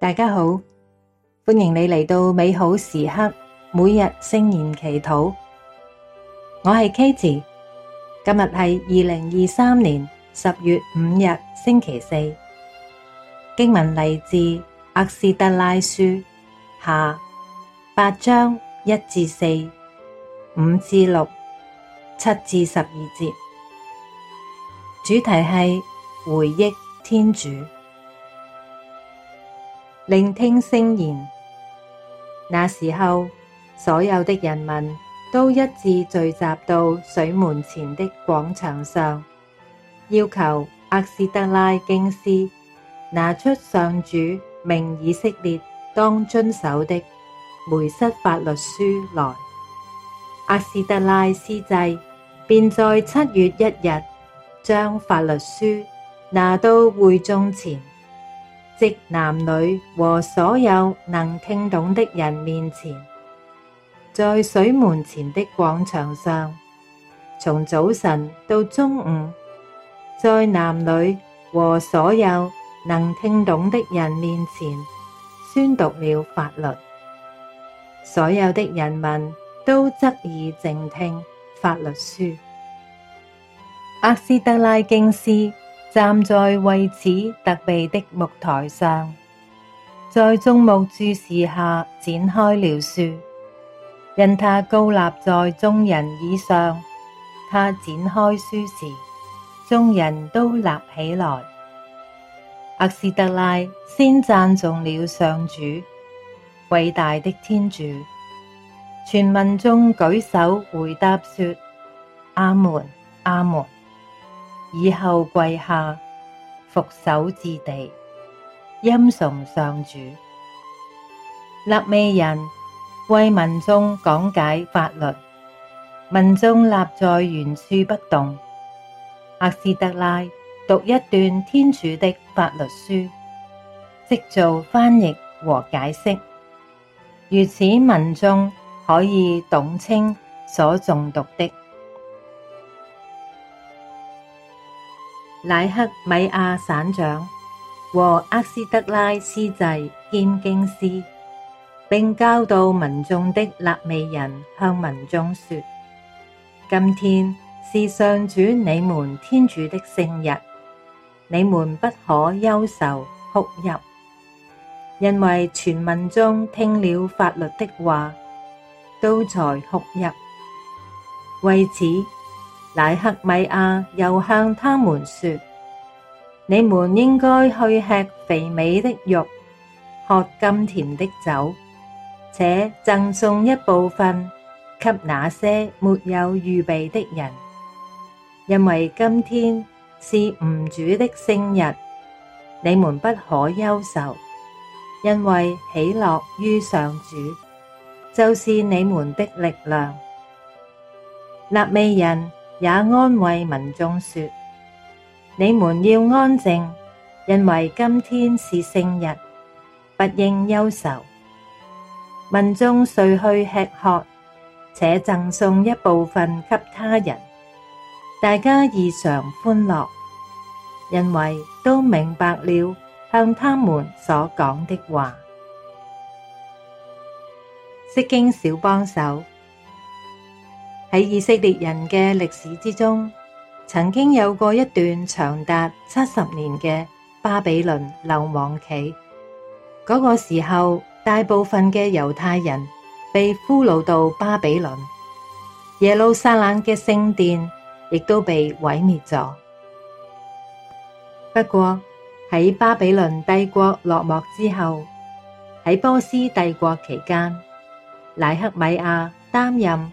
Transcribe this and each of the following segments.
大家好，歡迎你嚟到美好時刻，每日聖言祈禱。我係 Katie，今日係二零二三年十月五日星期四。經文嚟自《厄斯德拉書》下八章一至四、五至六、七至十二節。主題係回憶天主。聆聽聖言，那時候，所有的人民都一致聚集到水門前的廣場上，要求厄斯德拉經師拿出上主命以色列當遵守的梅瑟法律書來。厄斯德拉司祭便在七月一日將法律書拿到會眾前。即男女和所有能聽懂的人面前，在水門前的廣場上，從早晨到中午，在男女和所有能聽懂的人面前宣讀了法律。所有的人民都側耳靜聽法律書。厄斯德拉經師。站在為此特備的木臺上，在眾目注視下展開了書。因他高立在眾人以上，他展開書時，眾人都立起來。厄斯德拉先讚頌了上主，偉大的天主。全民眾舉手回答說：阿門，阿門。以後跪下，伏首至地，欽崇上主。肋未人為民眾講解法律，民眾立在原處不動。厄斯德拉讀一段天主的法律書，即做翻譯和解釋，如此民眾可以懂清所誦讀的。乃赫米雅省長和厄斯德拉司祭兼經師，並教導民眾的肋未人向民眾說：今天是上主你們天主的聖日，你們不可憂愁哭泣，因為全民眾聽了法律的話，都在哭泣。為此。乃赫米雅又向他們説：你們應該去吃肥美的肉，喝甘甜的酒，且贈送一部分，給那些沒有預備的人。因為今天是吾主的聖日，你們不可憂愁，因為喜樂於上主，就是你們的力量。肋未人。也安慰民眾說：你們要安靜，因為今天是聖日，不應憂愁。民眾遂去吃喝，且贈送一部分給他人，大家異常歡樂，因為都明白了向他們所講的話。釋經小幫手。喺以色列人嘅歷史之中，曾經有過一段長達七十年嘅巴比倫流亡期。嗰、那個時候，大部分嘅猶太人被俘虜到巴比倫，耶路撒冷嘅聖殿亦都被毀滅咗。不過喺巴比倫帝國落幕之後，喺波斯帝國期間，乃赫米雅擔任。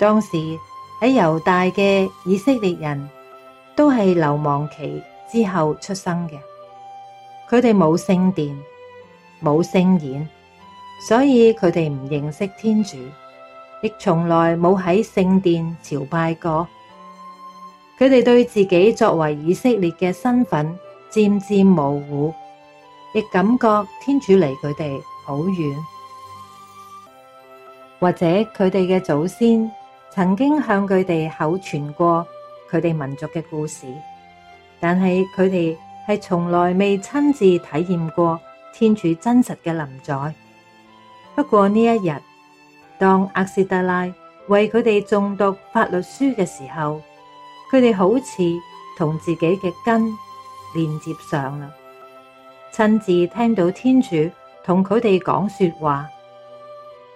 當時喺猶大嘅以色列人，都係流亡期之後出生嘅。佢哋冇聖殿，冇聖言，所以佢哋唔認識天主，亦從來冇喺聖殿朝拜過。佢哋對自己作為以色列嘅身份漸漸模糊，亦感覺天主離佢哋好遠，或者佢哋嘅祖先，曾經向佢哋口傳過佢哋民族嘅故事，但係佢哋係從來未親自體驗過天主真實嘅臨在。不過呢一日，當厄斯德拉為佢哋誦讀法律書嘅時候，佢哋好似同自己嘅根連接上啦，親自聽到天主同佢哋講說話。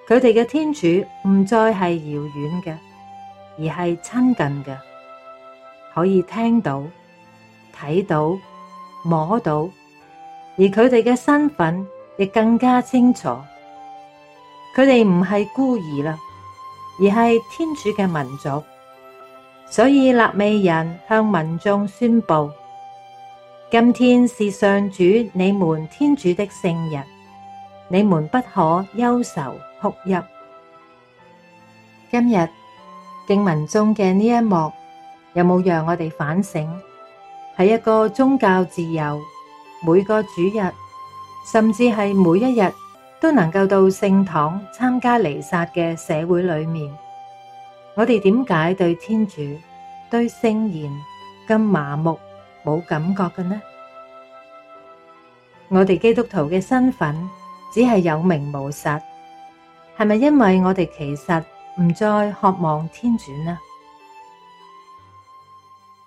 佢哋嘅天主唔再係遙遠嘅，而係親近嘅，可以聽到、睇到、摸到，而佢哋嘅身份亦更加清楚。佢哋唔係孤兒啦，而係天主嘅民族。所以，肋未人向民眾宣布：「今天是上主你們天主的聖日，你們不可憂愁。哭泣。今日經文中嘅呢一幕，有冇讓我哋反省？喺一個宗教自由，每個主日，甚至係每一日都能夠到聖堂參加彌撒嘅社會裏面，我哋點解對天主、對聖言咁麻木、冇感覺嘅呢？我哋基督徒嘅身份，只係有名無實。係咪因為我哋其實唔再渴望天主呢？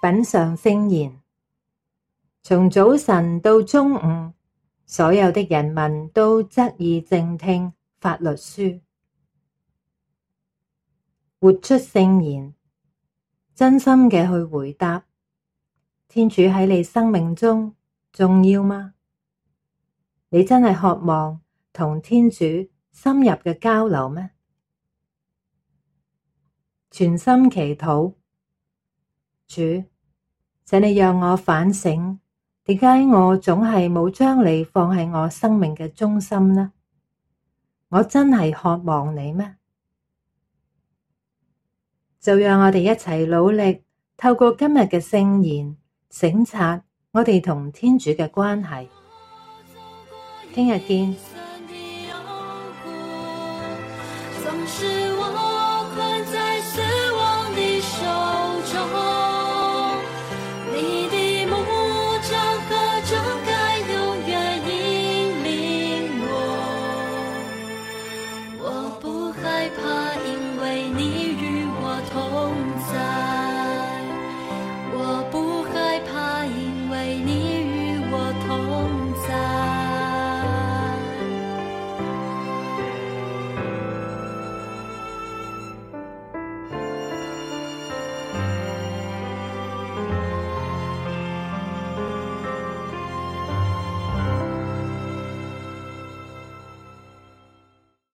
品嘗聖言，從早晨到中午，所有的人民都側耳靜聽法律書。活出聖言，真心嘅去回答，天主喺你生命中重要嗎？你真係渴望同天主深入嘅交流咩？全心祈禱，主，請你讓我反省，點解我總係冇將你放喺我生命嘅中心呢？我真係渴望你咩？就讓我哋一齊努力，透過今日嘅聖言，省察我哋同天主嘅關係。聽日見。是我。